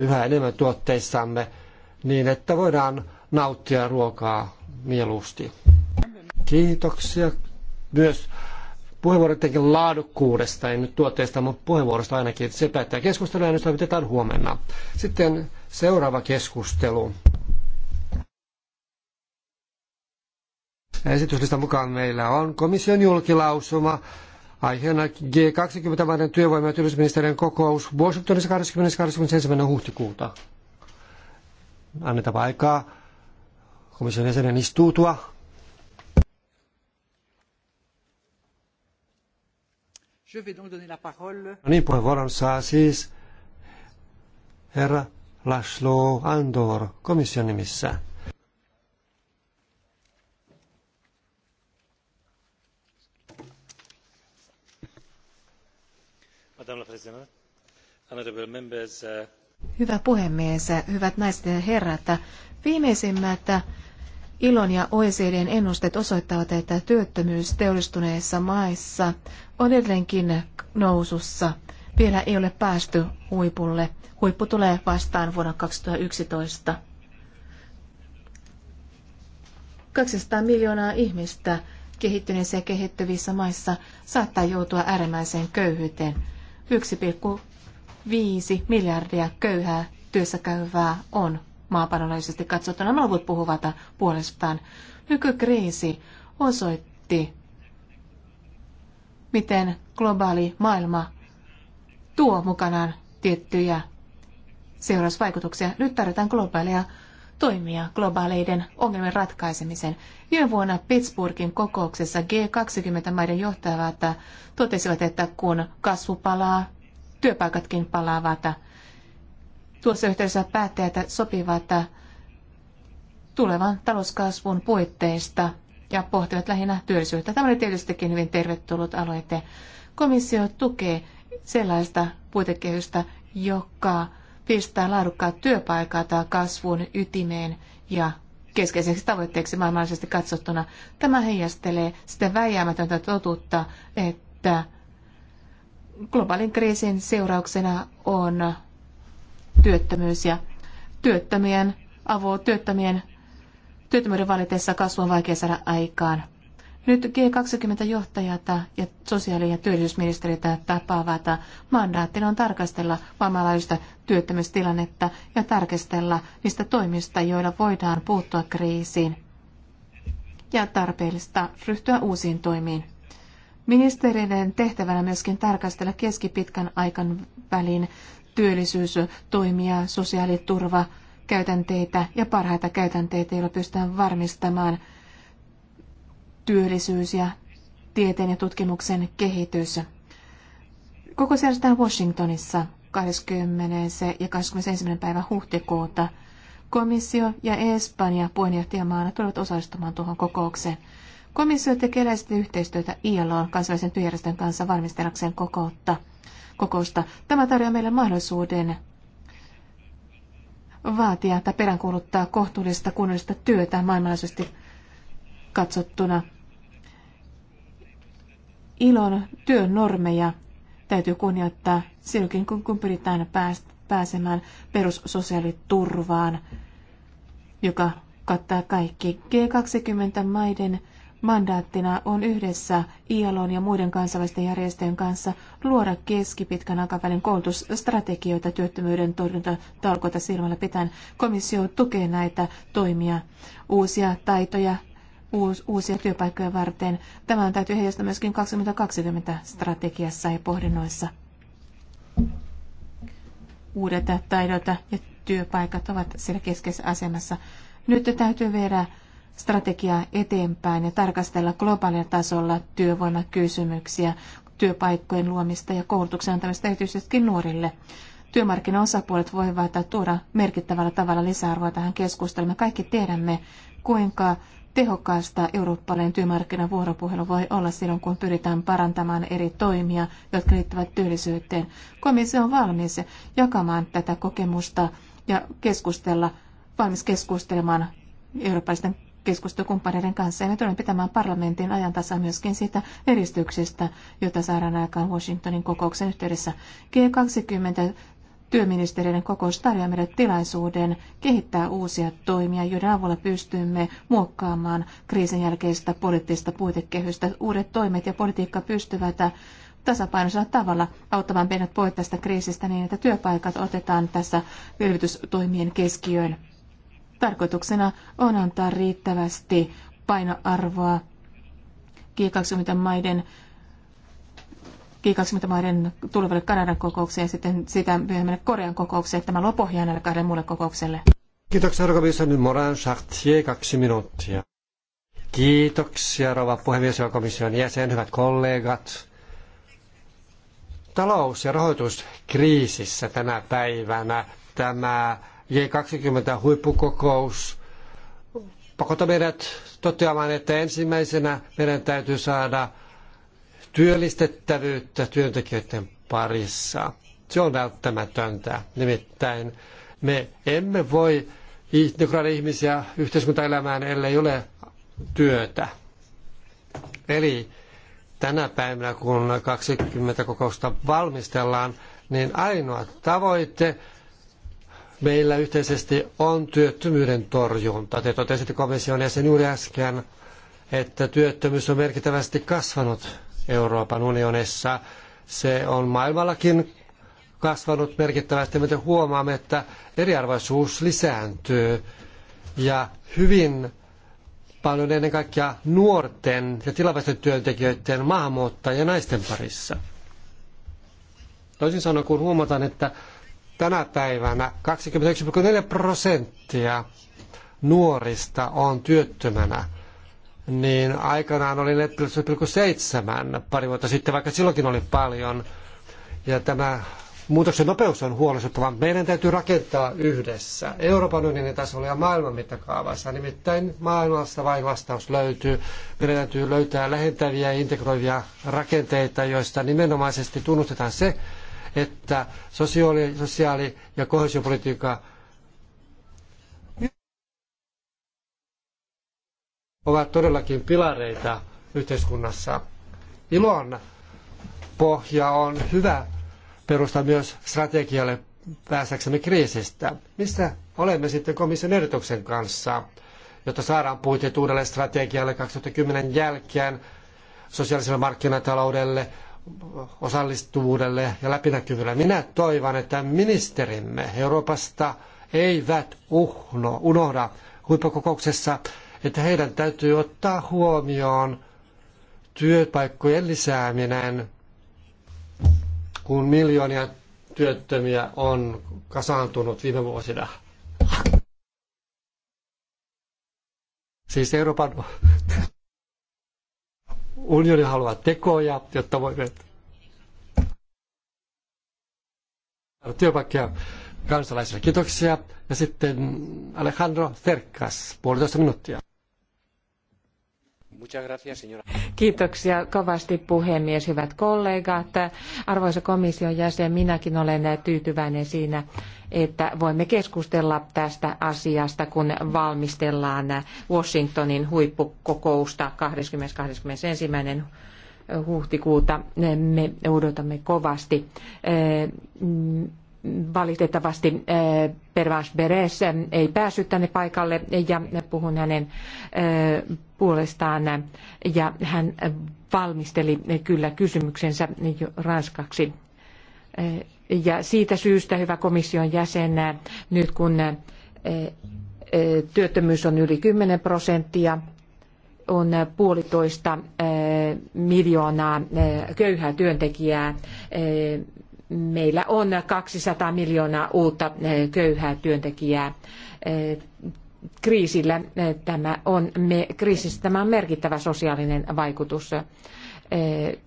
yhä enemmän tuotteissamme niin, että voidaan nauttia ruokaa mieluusti. Kiitoksia myös puheenvuoroidenkin laadukkuudesta, ei nyt tuotteista, mutta puheenvuorosta ainakin. Se päättää keskustelua ja nyt toimitetaan huomenna. Sitten seuraava keskustelu. Esityslistan mukaan meillä on komission julkilausuma Aiheena G20-maiden työvoima- ja työllisyysministerien kokous Washingtonissa 20. 21. huhtikuuta. Annetaan aikaa komission jäsenen istuutua. Je vais donc donner la parole. No niin, puheenvuoron saa siis herra Laszlo Andor komission nimissä. Uh, Hyvä puhemies, hyvät naiset ja herrat. Viimeisimmät Ilon ja OECDn ennusteet osoittavat, että työttömyys teollistuneissa maissa on edelleenkin nousussa. Vielä ei ole päästy huipulle. Huippu tulee vastaan vuonna 2011. 200 miljoonaa ihmistä kehittyneissä ja kehittyvissä maissa saattaa joutua äärimmäiseen köyhyyteen. 1,5 miljardia köyhää työssä käyvää on maapallonlaajuisesti katsottuna. Nämä luvut puhuvat puolestaan. Nykykriisi osoitti, miten globaali maailma tuo mukanaan tiettyjä seurausvaikutuksia. Nyt tarvitaan globaalia toimia globaaleiden ongelmien ratkaisemisen. Viime vuonna Pittsburghin kokouksessa G20-maiden johtajat totesivat, että kun kasvu palaa, työpaikatkin palaavat. Tuossa yhteydessä päättäjät sopivat tulevan talouskasvun puitteista ja pohtivat lähinnä työllisyyttä. Tämä oli tietystikin hyvin tervetullut aloite. Komissio tukee sellaista puitekehystä, joka pistää laadukkaat työpaikat kasvun ytimeen ja keskeiseksi tavoitteeksi maailmanlaajuisesti katsottuna. Tämä heijastelee sitä väijäämätöntä totuutta, että globaalin kriisin seurauksena on työttömyys ja työttömien, avo, työttömien, työttömyyden valitessa kasvu on vaikea saada aikaan. Nyt G20-johtajat ja sosiaali- ja työllisyysministerit tapaavat. Mandaattina on tarkastella maailmanlaajuista työttömyystilannetta ja tarkastella niistä toimista, joilla voidaan puuttua kriisiin ja tarpeellista ryhtyä uusiin toimiin. Ministerien tehtävänä myöskin tarkastella keskipitkän aikan välin työllisyystoimia, sosiaaliturva, käytänteitä ja parhaita käytänteitä, joilla pystytään varmistamaan – työllisyys ja tieteen ja tutkimuksen kehitys. Koko järjestetään Washingtonissa 20. ja 21. päivä huhtikuuta. Komissio ja Espanja puheenjohtajamaana tulevat osallistumaan tuohon kokoukseen. Komissio tekee läheisesti yhteistyötä ILO kansainvälisen työjärjestön kanssa valmistelakseen kokoutta, kokousta. Tämä tarjoaa meille mahdollisuuden vaatia tai peräänkuuluttaa kohtuullista kunnollista työtä maailmanlaajuisesti katsottuna – ilon työn normeja täytyy kunnioittaa silloinkin, kun, kun pyritään päästä, pääsemään perussosiaaliturvaan, joka kattaa kaikki. G20-maiden mandaattina on yhdessä ILOn ja muiden kansainvälisten järjestöjen kanssa luoda keskipitkän aikavälin koulutusstrategioita työttömyyden torjuntatalkoita silmällä pitäen. Komissio tukee näitä toimia. Uusia taitoja uusia työpaikkoja varten. Tämä on täytyy heijastaa myöskin 2020 strategiassa ja pohdinnoissa. Uudet taidot ja työpaikat ovat siellä keskeisessä asemassa. Nyt täytyy viedä strategiaa eteenpäin ja tarkastella globaalilla tasolla työvoimakysymyksiä, työpaikkojen luomista ja koulutuksen antamista erityisesti nuorille. Työmarkkinaosapuolet voivat tuoda merkittävällä tavalla lisäarvoa tähän keskusteluun. Me kaikki tiedämme, kuinka tehokkaasta eurooppalainen työmarkkinavuoropuhelu voi olla silloin, kun pyritään parantamaan eri toimia, jotka liittyvät työllisyyteen. Komissio on valmis jakamaan tätä kokemusta ja keskustella, valmis keskustelemaan eurooppalaisten keskustelukumppaneiden kanssa. Ja me tulemme pitämään parlamentin ajan tasa myöskin siitä edistyksistä, jota saadaan aikaan Washingtonin kokouksen yhteydessä. G20 Työministeriöiden kokous tarjoaa meille tilaisuuden kehittää uusia toimia, joiden avulla pystymme muokkaamaan kriisin jälkeistä poliittista puitekehystä. Uudet toimet ja politiikka pystyvät tasapainoisella tavalla auttamaan meidät pois tästä kriisistä niin, että työpaikat otetaan tässä elvytystoimien keskiöön. Tarkoituksena on antaa riittävästi painoarvoa G20-maiden mitä mä maiden tulevalle Kanadan kokoukseen ja sitten sitä myöhemmin Korean kokoukseen. Tämä luo pohjaa näille kahdelle muulle kokoukselle. Kiitoksia, Rova Nyt Moran Chartier, kaksi minuuttia. Kiitoksia, Rova puhemies ja komission jäsen, hyvät kollegat. Talous- ja rahoituskriisissä tänä päivänä tämä G20-huippukokous pakottaa meidät toteamaan, että ensimmäisenä meidän täytyy saada – työllistettävyyttä työntekijöiden parissa. Se on välttämätöntä. Nimittäin me emme voi integroida ihmisiä yhteiskuntaelämään, ellei ole työtä. Eli tänä päivänä, kun 20 kokousta valmistellaan, niin ainoa tavoite meillä yhteisesti on työttömyyden torjunta. Te totesitte komission jäsen juuri äsken, että työttömyys on merkittävästi kasvanut Euroopan unionissa. Se on maailmallakin kasvanut merkittävästi, mutta huomaamme, että eriarvoisuus lisääntyy ja hyvin paljon ennen kaikkea nuorten ja tilapäisten työntekijöiden maahanmuuttajien naisten parissa. Toisin sanoen, kun huomataan, että tänä päivänä 21,4 prosenttia nuorista on työttömänä, niin aikanaan oli 4,7 pari vuotta sitten, vaikka silloinkin oli paljon. Ja tämä muutoksen nopeus on huolestuttava. Meidän täytyy rakentaa yhdessä Euroopan unionin tasolla ja maailman mittakaavassa. Nimittäin maailmassa vain vastaus löytyy. Meidän täytyy löytää lähentäviä ja integroivia rakenteita, joista nimenomaisesti tunnustetaan se, että sosiaali-, sosiaali ja kohesiopolitiikka ovat todellakin pilareita yhteiskunnassa. Ilon pohja on hyvä perusta myös strategialle päästäksemme kriisistä. Missä olemme sitten komission ehdotuksen kanssa, jotta saadaan puitteet uudelle strategialle 2010 jälkeen sosiaaliselle markkinataloudelle, osallistuvuudelle ja läpinäkyvyydelle. Minä toivon, että ministerimme Euroopasta eivät uhno, unohda huippukokouksessa että heidän täytyy ottaa huomioon työpaikkojen lisääminen, kun miljoonia työttömiä on kasaantunut viime vuosina. Siis Euroopan unioni haluaa tekoja, jotta voi työpaikkoja kansalaisille. Kiitoksia. Ja sitten Alejandro Cercas, puolitoista minuuttia. Kiitoksia kovasti puhemies, hyvät kollegat. Arvoisa komission jäsen, minäkin olen tyytyväinen siinä, että voimme keskustella tästä asiasta, kun valmistellaan Washingtonin huippukokousta 20.21. huhtikuuta. Me odotamme kovasti eh, valitettavasti eh, Pervas Beres eh, ei päässyt tänne paikalle ja puhun hänen eh, puolestaan ja hän valmisteli kyllä kysymyksensä jo ranskaksi. Ja siitä syystä, hyvä komission jäsen, nyt kun työttömyys on yli 10 prosenttia, on puolitoista miljoonaa köyhää työntekijää meillä on 200 miljoonaa uutta eh, köyhää työntekijää eh, kriisillä. Eh, tämä on, me, kriisissä tämä on merkittävä sosiaalinen vaikutus.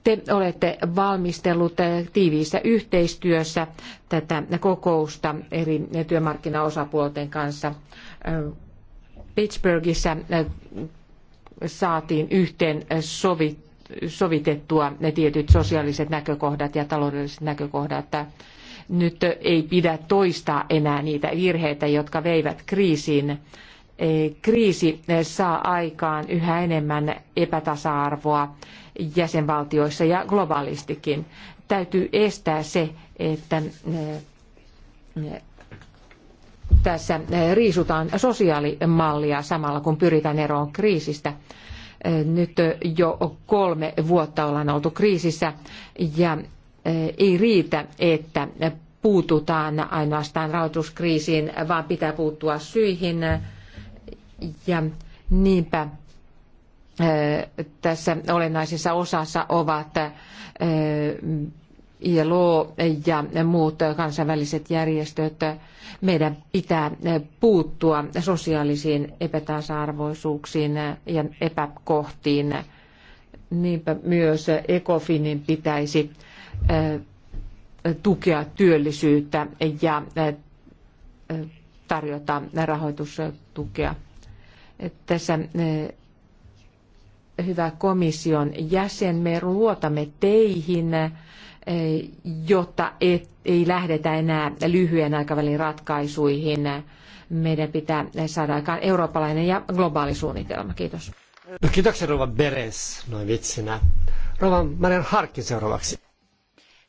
Te olette valmistellut tiiviissä yhteistyössä tätä kokousta eri työmarkkinaosapuolten kanssa. Pittsburghissa saatiin yhteen sovittu sovitettua ne tietyt sosiaaliset näkökohdat ja taloudelliset näkökohdat. että Nyt ei pidä toistaa enää niitä virheitä, jotka veivät kriisiin. Kriisi saa aikaan yhä enemmän epätasa-arvoa jäsenvaltioissa ja globaalistikin. Täytyy estää se, että eh, tässä riisutaan sosiaalimallia samalla kun pyritään eroon kriisistä. Nyt jo kolme vuotta ollaan oltu kriisissä ja e, ei riitä, että puututaan ainoastaan rahoituskriisiin, vaan pitää puuttua syihin. Ja niinpä e, tässä olennaisessa osassa ovat e, ILO ja muut kansainväliset järjestöt, meidän pitää puuttua sosiaalisiin epätasa-arvoisuuksiin ja epäkohtiin. Niinpä myös ECOFINin pitäisi tukea työllisyyttä ja tarjota rahoitustukea. Tässä hyvä komission jäsen, me luotamme teihin jotta et, ei lähdetä enää lyhyen aikavälin ratkaisuihin. Meidän pitää saada aikaan eurooppalainen ja globaali suunnitelma. Kiitos. No kiitoksia Rova Beres, noin vitsinä. Rova Marian Harkin seuraavaksi.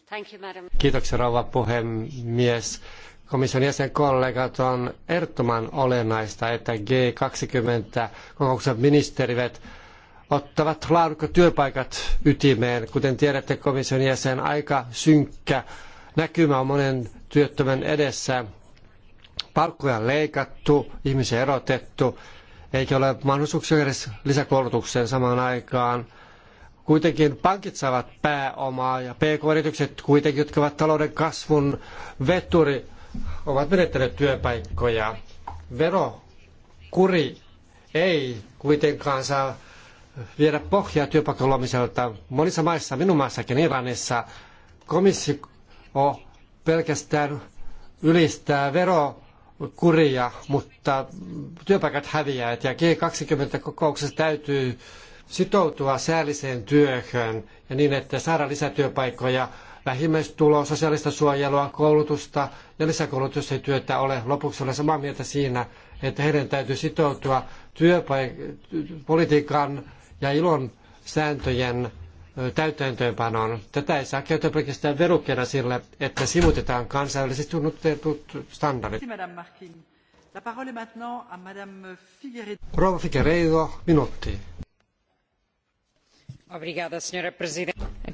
Thank you, madam. Kiitoksia Rova puhemies. Komission jäsenkollegat on ehdottoman olennaista, että G20-kokouksen ministerivet ottavat laadukkaat työpaikat ytimeen. Kuten tiedätte komission jäsen, aika synkkä näkymä on monen työttömän edessä. Palkkoja on leikattu, ihmisiä erotettu, eikä ole mahdollisuuksia edes lisäkoulutukseen samaan aikaan. Kuitenkin pankit saavat pääomaa ja pk-yritykset kuitenkin, jotka ovat talouden kasvun veturi, ovat menettäneet työpaikkoja. Verokuri ei kuitenkaan saa viedä pohjaa työpaikan luomiselta. Monissa maissa, minun maassakin Iranissa, komissio pelkästään ylistää verokuria, mutta työpaikat häviävät ja G20-kokouksessa täytyy sitoutua säälliseen työhön ja niin, että saada lisätyöpaikkoja, vähimmäistuloa, sosiaalista suojelua, koulutusta ja lisäkoulutus ei työtä ole. Lopuksi olen samaa mieltä siinä, että heidän täytyy sitoutua työpaik- politiikan ja ilon sääntöjen täytäntöönpanoon. Tätä ei saa käyttää pelkästään verukkeena sille, että sivutetaan kansainvälisesti tunnustetut standardit. Rouva Figueredo, minuutti.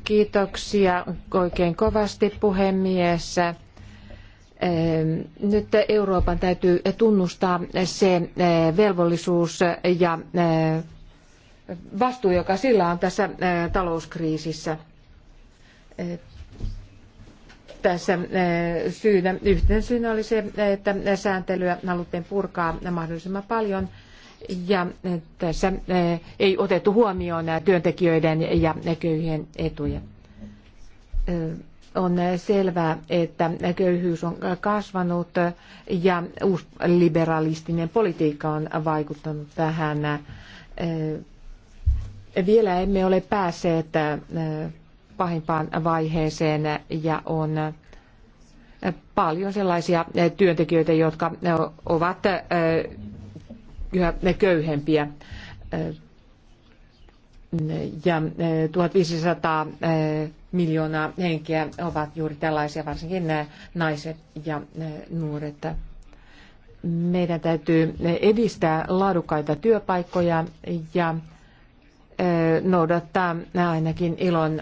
Kiitoksia oikein kovasti puhemies. Nyt Euroopan täytyy tunnustaa se eh, velvollisuus ja eh, vastuu, joka sillä on tässä äh, talouskriisissä. Äh, tässä äh, syynä, yhtenä syynä oli se, että sääntelyä haluttiin purkaa mahdollisimman paljon ja tässä ei otettu huomioon työntekijöiden ja köyhien etuja. On selvää, että köyhyys on kasvanut ja uusliberalistinen politiikka on vaikuttanut tähän vielä emme ole päässeet äh, pahimpaan vaiheeseen ja on äh, paljon sellaisia äh, työntekijöitä, jotka ovat yhä köyhempiä. Ja 1500 miljoonaa henkeä ovat juuri tällaisia, varsinkin nämä naiset ja nuoret. Meidän täytyy edistää laadukkaita työpaikkoja ja noudattaa ainakin ilon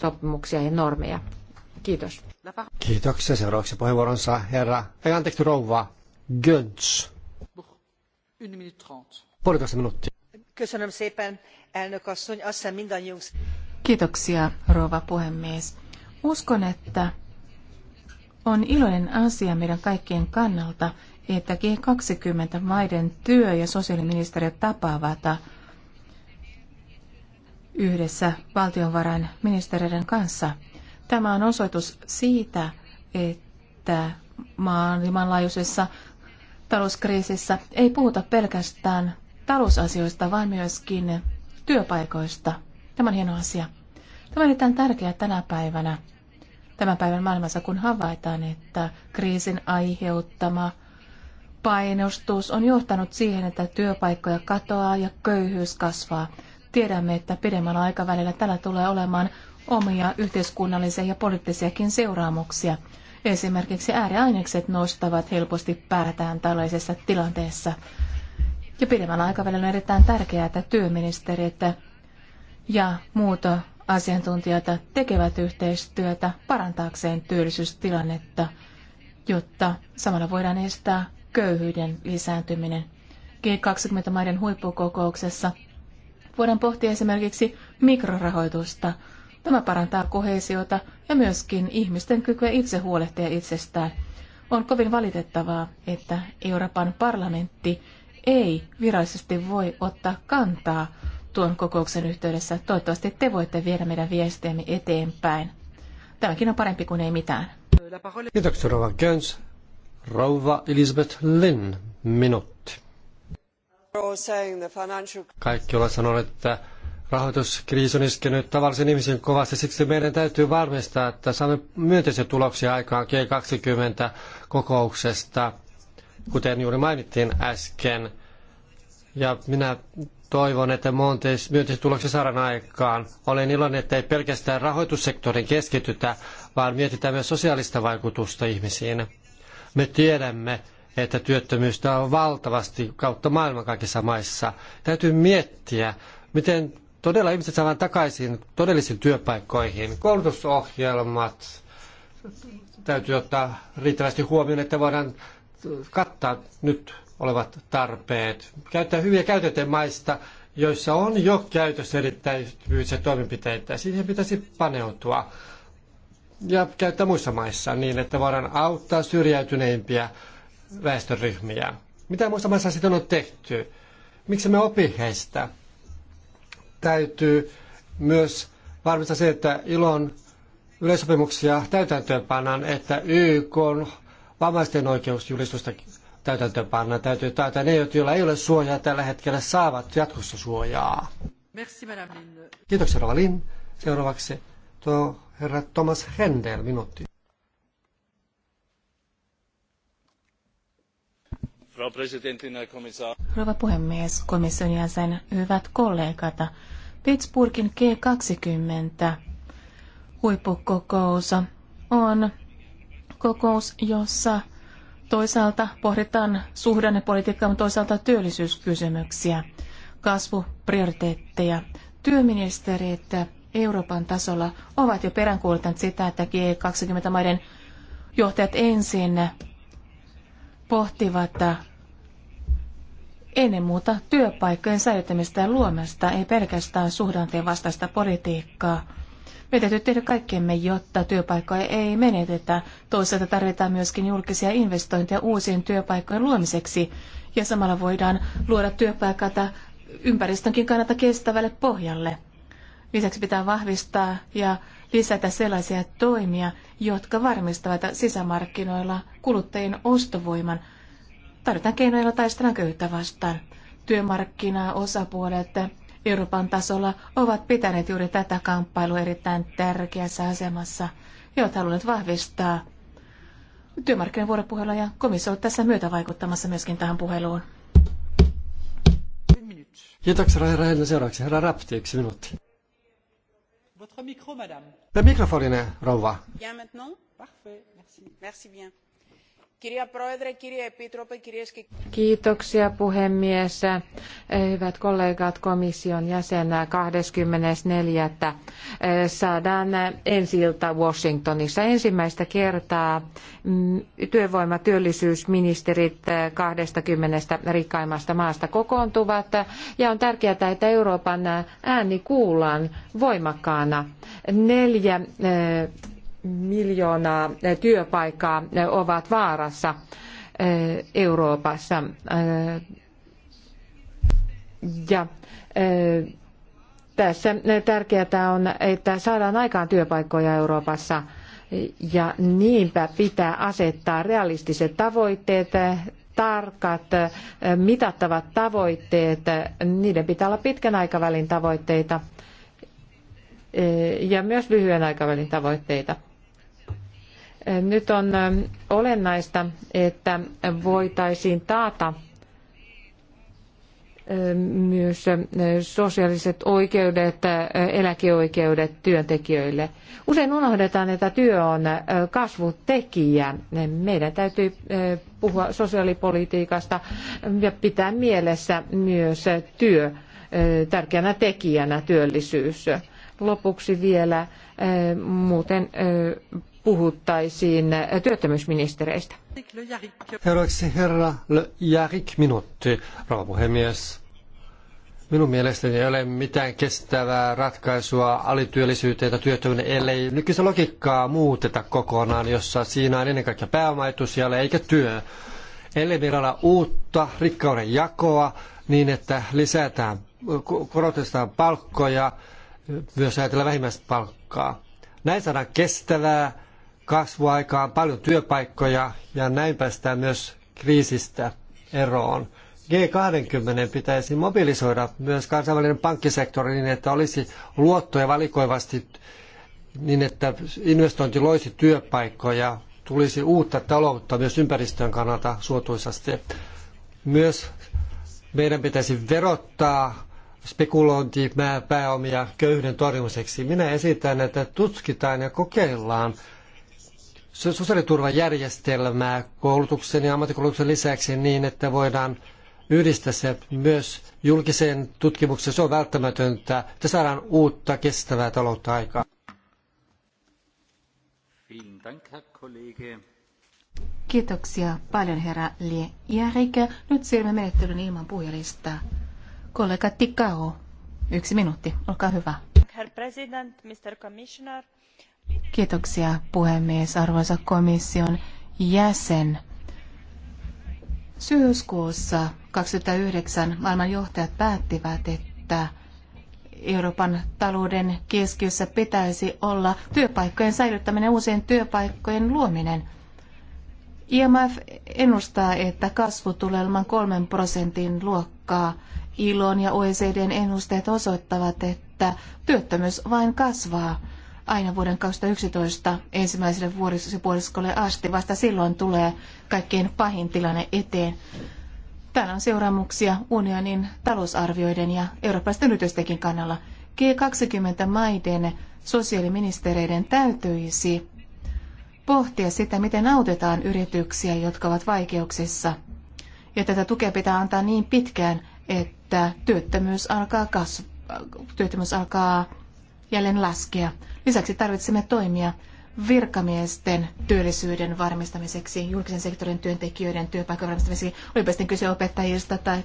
sopimuksia ja normeja. Kiitos. Kiitoksia. Seuraavaksi puheenvuoronsa herra, ei anteeksi rouva, Göns. Puolitoista minuuttia. Köszönöm szépen, elnök asszony. Azt hiszem mindannyiunk... Kiitoksia, rouva puhemies. Uskon, että on iloinen asia meidän kaikkien kannalta, että G20-maiden työ- ja sosiaaliministeriöt tapaavat yhdessä valtionvarainministeriöiden kanssa. Tämä on osoitus siitä, että maailmanlaajuisessa talouskriisissä ei puhuta pelkästään talousasioista, vaan myöskin työpaikoista. Tämä on hieno asia. Tämä on erittäin tärkeää tänä päivänä, tämän päivän maailmassa, kun havaitaan, että kriisin aiheuttama painostus on johtanut siihen, että työpaikkoja katoaa ja köyhyys kasvaa. Tiedämme, että pidemmällä aikavälillä tällä tulee olemaan omia yhteiskunnallisia ja poliittisiakin seuraamuksia. Esimerkiksi ääriainekset nostavat helposti päätään tällaisessa tilanteessa. Ja pidemmällä aikavälillä on erittäin tärkeää, että työministeriöt ja muut asiantuntijat tekevät yhteistyötä parantaakseen työllisyystilannetta, jotta samalla voidaan estää köyhyyden lisääntyminen. G20-maiden huippukokouksessa Voidaan pohtia esimerkiksi mikrorahoitusta. Tämä parantaa kohesiota ja myöskin ihmisten kykyä itse huolehtia itsestään. On kovin valitettavaa, että Euroopan parlamentti ei virallisesti voi ottaa kantaa tuon kokouksen yhteydessä. Toivottavasti te voitte viedä meidän viestejämme eteenpäin. Tämäkin on parempi kuin ei mitään. Kiitoksia, Rova Gens. Rouva Elizabeth Lynn, minuutti. Kaikki ovat sanoneet, että rahoituskriisi on iskenyt tavallisen ihmisen kovasti, siksi meidän täytyy varmistaa, että saamme myönteisiä tuloksia aikaan G20-kokouksesta, kuten juuri mainittiin äsken. Ja minä toivon, että myönteisiä tuloksia saadaan aikaan. Olen iloinen, että ei pelkästään rahoitussektorin keskitytä, vaan mietitään myös sosiaalista vaikutusta ihmisiin. Me tiedämme, että työttömyystä on valtavasti kautta maailman kaikissa maissa. Täytyy miettiä, miten todella ihmiset saadaan takaisin todellisiin työpaikkoihin. Koulutusohjelmat täytyy ottaa riittävästi huomioon, että voidaan kattaa nyt olevat tarpeet. Käyttää hyviä käytäntöjen maista, joissa on jo käytössä erittäisiä toimenpiteitä. Siihen pitäisi paneutua ja käyttää muissa maissa niin, että voidaan auttaa syrjäytyneimpiä väestöryhmiä. Mitä muista maissa sitten on tehty? Miksi me opi heistä? Täytyy myös varmistaa se, että ilon yleissopimuksia täytäntöönpannaan, että YK on vammaisten oikeusjulistusta täytäntöönpannaan. Täytyy taata ne, joilla ei ole suojaa tällä hetkellä, saavat jatkossa suojaa. Merci, Madame Lin. Kiitoksia, Rova Lin. Seuraavaksi tuo herra Thomas Hendel, minuutti. Rouva puhemies, komission jäsen, hyvät kollegat. Pittsburghin G20 huippukokous on kokous, jossa toisaalta pohditaan suhdannepolitiikkaa, mutta toisaalta työllisyyskysymyksiä, kasvuprioriteetteja. Työministerit Euroopan tasolla ovat jo peräänkuultaneet sitä, että G20-maiden johtajat ensin pohtivat ennen muuta työpaikkojen säilyttämistä ja luomasta, ei pelkästään suhdanteen vastaista politiikkaa. Meidän täytyy tehdä kaikkemme, jotta työpaikkoja ei menetetä. Toisaalta tarvitaan myöskin julkisia investointeja uusien työpaikkojen luomiseksi, ja samalla voidaan luoda työpaikata ympäristönkin kannalta kestävälle pohjalle. Lisäksi pitää vahvistaa ja lisätä sellaisia toimia, jotka varmistavat sisämarkkinoilla kuluttajien ostovoiman – Tarvitaan keinoja, joilla taistellaan köyhyyttä vastaan. Työmarkkinaosapuolet Euroopan tasolla ovat pitäneet juuri tätä kamppailua erittäin tärkeässä asemassa ja ovat halunneet vahvistaa työmarkkinavuoropuhelua ja komissio on tässä myötä vaikuttamassa myöskin tähän puheluun. Kiitoksia, herra Henna. Seuraavaksi herra Rapti, yksi minuutti. Votre mikro, madame. Mikrofoninen, rouva. Bien maintenant? Parfait, merci. Merci bien. Kiitoksia puhemies. Hyvät kollegat, komission jäsenä 24. Eh, saadaan ensiltä Washingtonissa ensimmäistä kertaa mm, työvoimatyöllisyysministerit 20 eh, rikkaimmasta maasta kokoontuvat ja on tärkeää, että Euroopan ääni kuullaan voimakkaana. Neljä eh, miljoonaa eh, työpaikkaa eh, ovat vaarassa eh, Euroopassa. Ja tässä tärkeää on, että saadaan aikaan työpaikkoja Euroopassa ja niinpä pitää asettaa realistiset tavoitteet, tarkat, mitattavat tavoitteet, niiden pitää olla pitkän aikavälin tavoitteita ja myös lyhyen aikavälin tavoitteita. Nyt on olennaista, että voitaisiin taata myös sosiaaliset oikeudet, eläkeoikeudet työntekijöille. Usein unohdetaan, että työ on kasvutekijä. Meidän täytyy puhua sosiaalipolitiikasta ja pitää mielessä myös työ tärkeänä tekijänä työllisyys. Lopuksi vielä muuten puhuttaisiin työttömyysministereistä. Seuraavaksi herra Le Järik minuutti, rouva puhemies. Minun mielestäni ei ole mitään kestävää ratkaisua alityöllisyyteen tai työttömyyteen, ellei nykyistä logiikkaa muuteta kokonaan, jossa siinä on ennen kaikkea pääomaetusjalle eikä työ. Ellei meillä ole uutta rikkauden jakoa niin, että lisätään, korotetaan palkkoja, myös ajatella vähimmäispalkkaa. Näin saadaan kestävää kasvuaikaan paljon työpaikkoja ja näin päästään myös kriisistä eroon. G20 pitäisi mobilisoida myös kansainvälinen pankkisektori niin, että olisi luottoja valikoivasti niin, että investointi loisi työpaikkoja, tulisi uutta taloutta myös ympäristön kannalta suotuisasti. Myös meidän pitäisi verottaa spekulointi pääomia köyhyyden torjumiseksi. Minä esitän, että tutkitaan ja kokeillaan sosiaaliturvajärjestelmää koulutuksen ja ammattikoulutuksen lisäksi niin, että voidaan yhdistää se myös julkiseen tutkimukseen. Se on välttämätöntä, että saadaan uutta kestävää taloutta aikaan. Kiitoksia paljon herra Lie Järik. Nyt siirrymme menettelyn ilman puhujalistaa. Kollega Tikao, yksi minuutti, olkaa hyvä. Herr President, Mr. Commissioner, Kiitoksia puhemies, arvoisa komission jäsen. Syyskuussa 2009 maailman johtajat päättivät, että Euroopan talouden keskiössä pitäisi olla työpaikkojen säilyttäminen, uusien työpaikkojen luominen. IMF ennustaa, että kasvu tulee olemaan kolmen prosentin luokkaa. ILON ja OECDn ennusteet osoittavat, että työttömyys vain kasvaa aina vuoden 2011 ensimmäiselle vuosipuoliskolle asti. Vasta silloin tulee kaikkein pahin tilanne eteen. Täällä on seuraamuksia unionin talousarvioiden ja eurooppalaisten yritystenkin kannalla. G20-maiden sosiaaliministereiden täytyisi pohtia sitä, miten autetaan yrityksiä, jotka ovat vaikeuksissa. Ja tätä tukea pitää antaa niin pitkään, että työttömyys alkaa, kasv- työttömyys alkaa jälleen laskea. Lisäksi tarvitsemme toimia virkamiesten työllisyyden varmistamiseksi, julkisen sektorin työntekijöiden työpaikan varmistamiseksi, olipa sitten kyse opettajista tai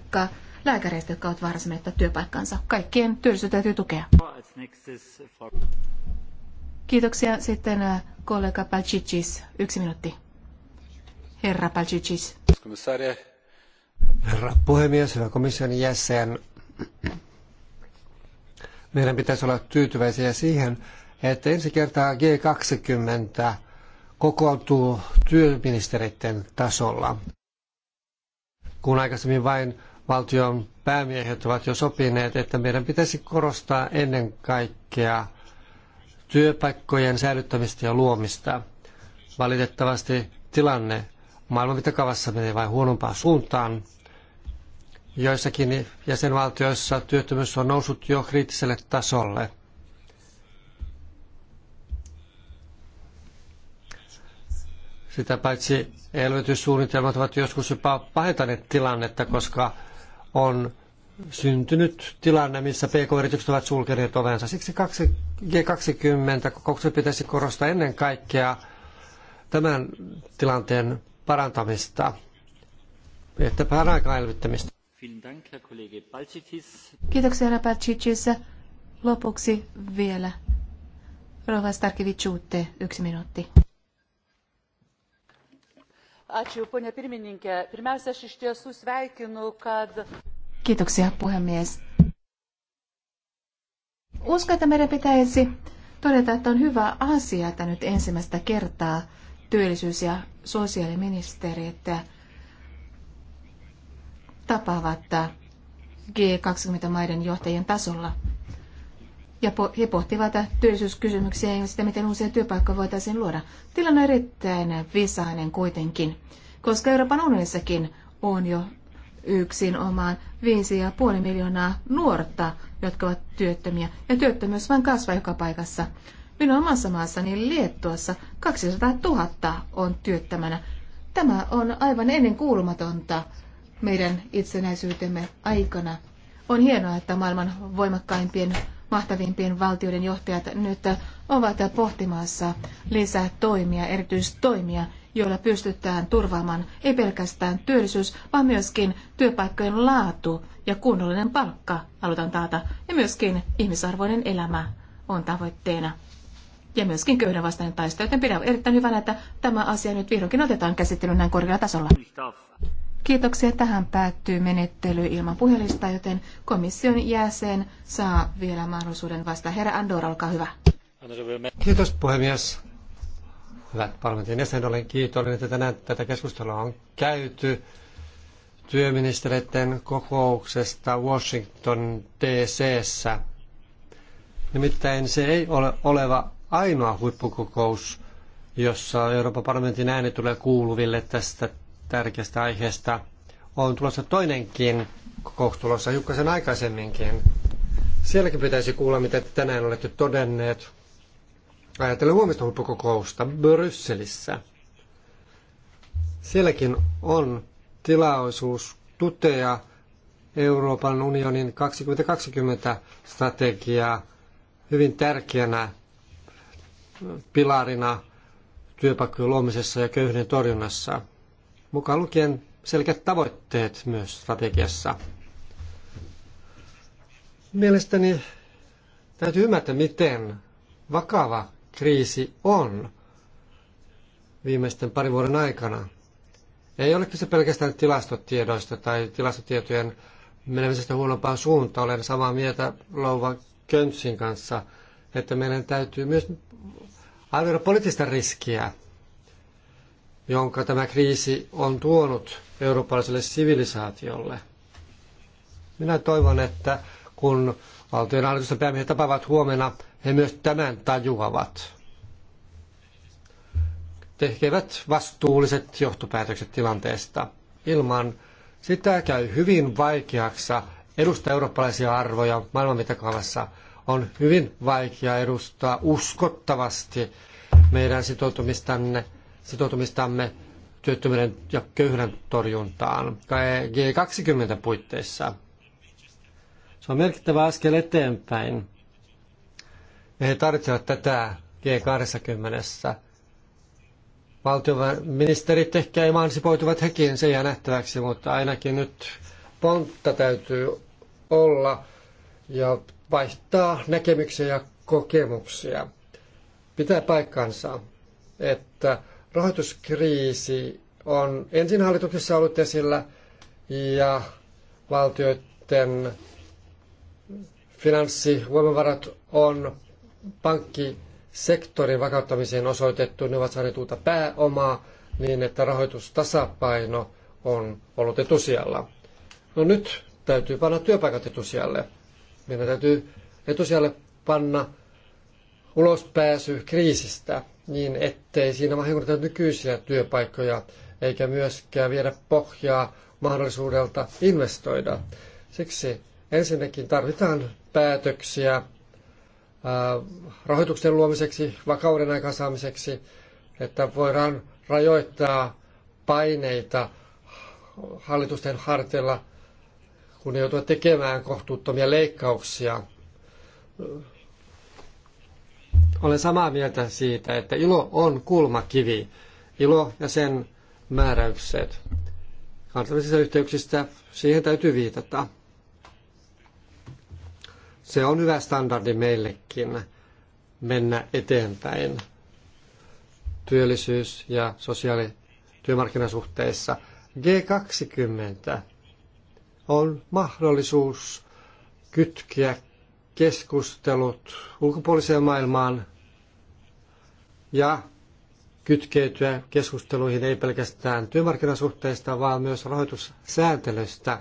lääkäreistä, jotka ovat vaarassa menettää työpaikkansa. Kaikkien työllisyyttä täytyy tukea. Kiitoksia. Sitten äh, kollega Palcicis. Yksi minuutti. Herra Palcicis. Herra puhemies, hyvä komission jäsen. Meidän pitäisi olla tyytyväisiä siihen, että ensi kertaa G20 kokoontuu työministereiden tasolla, kun aikaisemmin vain valtion päämiehet ovat jo sopineet, että meidän pitäisi korostaa ennen kaikkea työpaikkojen säilyttämistä ja luomista. Valitettavasti tilanne maailman mittakaavassa menee vain huonompaan suuntaan. Joissakin jäsenvaltioissa työttömyys on noussut jo kriittiselle tasolle – Sitä paitsi elvytyssuunnitelmat ovat joskus jopa pahentaneet tilannetta, koska on syntynyt tilanne, missä PK-yritykset ovat sulkeneet ovensa. Siksi G20-kokouksen pitäisi korostaa ennen kaikkea tämän tilanteen parantamista, että parankaa elvyttämistä. Kiitoksia, herra Pacicis. Lopuksi vielä. Rova Starkivichuutte, yksi minuutti. Ačiū, ponia pirmininkė. Pirmiausia, aš iš tiesų sveikinu, kad... Kiitoksia, puhemies. Uskon, että meidän pitäisi todeta, että on hyvä asia, että nyt ensimmäistä kertaa työllisyys- ja sosiaaliministerit tapaavat G20-maiden johtajien tasolla ja he pohtivat työllisyyskysymyksiä ja sitä, miten uusia työpaikkoja voitaisiin luoda. Tilanne on erittäin visainen kuitenkin, koska Euroopan unionissakin on jo yksin omaan 5,5 miljoonaa nuorta, jotka ovat työttömiä, ja työttömyys vain kasvaa joka paikassa. Minun omassa maassani Liettuassa 200 000 on työttömänä. Tämä on aivan ennen kuulumatonta meidän itsenäisyytemme aikana. On hienoa, että maailman voimakkaimpien mahtavimpien valtioiden johtajat nyt ovat pohtimassa lisää toimia, erityistoimia, joilla pystytään turvaamaan ei pelkästään työllisyys, vaan myöskin työpaikkojen laatu ja kunnollinen palkka halutaan taata. Ja myöskin ihmisarvoinen elämä on tavoitteena. Ja myöskin köyhden vastainen taistelu, joten pidän erittäin hyvänä, että tämä asia nyt vihdoinkin otetaan käsittelyyn näin korkealla tasolla. Kiitoksia. Tähän päättyy menettely ilman puhelista, joten komission jäsen saa vielä mahdollisuuden vastata. Herra Andor, olkaa hyvä. Kiitos puhemies. Hyvät parlamentin jäsen, olen kiitollinen, että tänään tätä keskustelua on käyty työministereiden kokouksesta Washington DCssä. Nimittäin se ei ole oleva ainoa huippukokous, jossa Euroopan parlamentin ääni tulee kuuluville tästä tärkeästä aiheesta. On tulossa toinenkin kokous tulossa hiukkasen aikaisemminkin. Sielläkin pitäisi kuulla, mitä te tänään olette todenneet. Ajatellen huomista huippukokousta Brysselissä. Sielläkin on tilaisuus tutea Euroopan unionin 2020-strategiaa hyvin tärkeänä pilarina työpaikkojen luomisessa ja köyhyyden torjunnassa mukaan lukien selkeät tavoitteet myös strategiassa. Mielestäni täytyy ymmärtää, miten vakava kriisi on viimeisten parin vuoden aikana. Ei ole kyse pelkästään tilastotiedoista tai tilastotietojen menemisestä huonompaan suuntaan. Olen samaa mieltä Louva Köntsin kanssa, että meidän täytyy myös arvioida poliittista riskiä jonka tämä kriisi on tuonut eurooppalaiselle sivilisaatiolle. Minä toivon, että kun valtion hallitusten päämiehet tapaavat huomenna, he myös tämän tajuavat. Tekevät vastuulliset johtopäätökset tilanteesta. Ilman sitä käy hyvin vaikeaksi. edustaa eurooppalaisia arvoja maailman mittakaavassa. On hyvin vaikea edustaa uskottavasti meidän sitoutumistanne sitoutumistamme työttömyyden ja köyhyyden torjuntaan G20 puitteissa. Se on merkittävä askel eteenpäin. Ei tarvitsevat tätä G20. Valtioministerit ehkä emansipoituvat hekin, sen jää nähtäväksi, mutta ainakin nyt pontta täytyy olla ja vaihtaa näkemyksiä ja kokemuksia. Pitää paikkansa, että Rahoituskriisi on ensin hallituksessa ollut esillä ja valtioiden finanssivoimavarat on pankkisektorin vakauttamiseen osoitettu. Ne ovat saaneet uutta pääomaa niin, että rahoitustasapaino on ollut etusijalla. No nyt täytyy panna työpaikat etusijalle. Meidän täytyy etusijalle panna ulospääsy kriisistä niin ettei siinä vahingoita nykyisiä työpaikkoja eikä myöskään viedä pohjaa mahdollisuudelta investoida. Siksi ensinnäkin tarvitaan päätöksiä äh, rahoituksen luomiseksi, vakauden aikaansaamiseksi, että voidaan rajoittaa paineita hallitusten harteilla, kun ne joutuvat tekemään kohtuuttomia leikkauksia olen samaa mieltä siitä, että ilo on kulmakivi. Ilo ja sen määräykset kansainvälisistä yhteyksissä siihen täytyy viitata. Se on hyvä standardi meillekin mennä eteenpäin työllisyys- ja sosiaali- työmarkkinasuhteissa. G20 on mahdollisuus kytkeä keskustelut ulkopuoliseen maailmaan ja kytkeytyä keskusteluihin ei pelkästään työmarkkinasuhteista, vaan myös rahoitussääntelystä.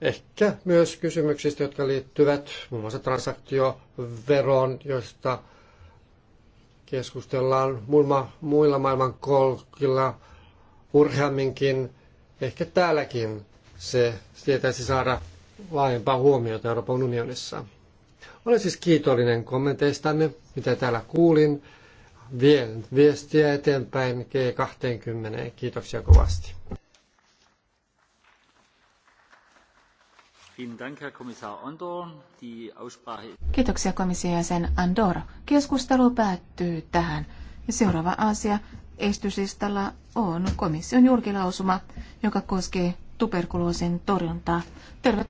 Ehkä myös kysymyksistä, jotka liittyvät muun muassa transaktioveroon, joista keskustellaan muilla, muilla maailman kolkilla urheamminkin. Ehkä täälläkin se tietäisi saada laajempaa huomiota Euroopan unionissa. Olen siis kiitollinen kommenteistanne, mitä täällä kuulin. Vien viestiä eteenpäin G20. Kiitoksia kovasti. Kiitoksia komission jäsen Andor. Keskustelu päättyy tähän. Seuraava asia estyslistalla on komission julkilausuma, joka koskee tuberkuloosin torjuntaa. Tervetuloa.